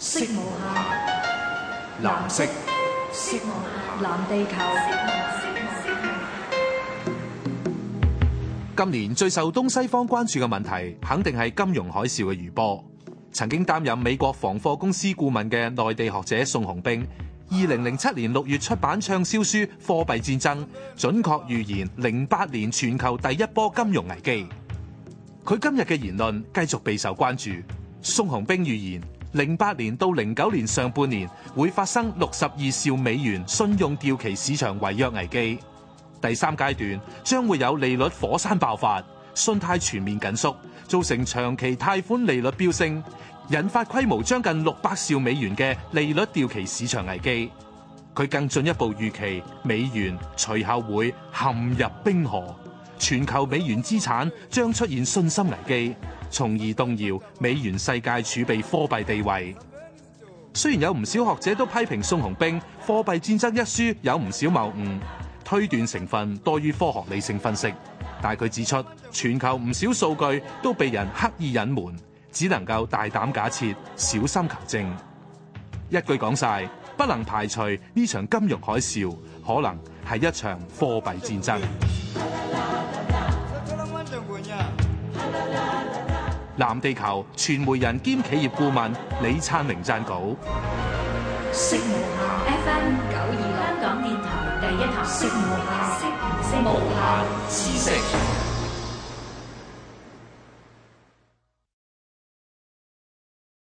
色無限，藍色，色母藍，藍地球。今年最受東西方關注嘅問題，肯定係金融海嘯嘅餘波。曾經擔任美國房貸公司顧問嘅內地學者宋鴻兵，二零零七年六月出版暢銷書《貨幣戰爭》，準確預言零八年全球第一波金融危機。佢今日嘅言論繼續備受關注。宋鴻兵預言。零八年到零九年上半年會發生六十二兆美元信用掉期市場違約危機，第三階段將會有利率火山爆發，信貸全面緊縮，造成長期貸款利率飆升，引發規模將近六百兆美元嘅利率掉期市場危機。佢更進一步預期美元隨後會陷入冰河，全球美元資產將出現信心危機。從而動搖美元世界儲備貨幣地位。雖然有唔少學者都批評宋鴻兵《貨幣戰爭》一書有唔少謬誤、推斷成分多於科學理性分析，但佢指出全球唔少數據都被人刻意隱瞞，只能夠大膽假設、小心求證。一句講晒，不能排除呢場金融海嘯可能係一場貨幣戰爭。藍地球傳媒人兼企業顧問李燦榮撰稿。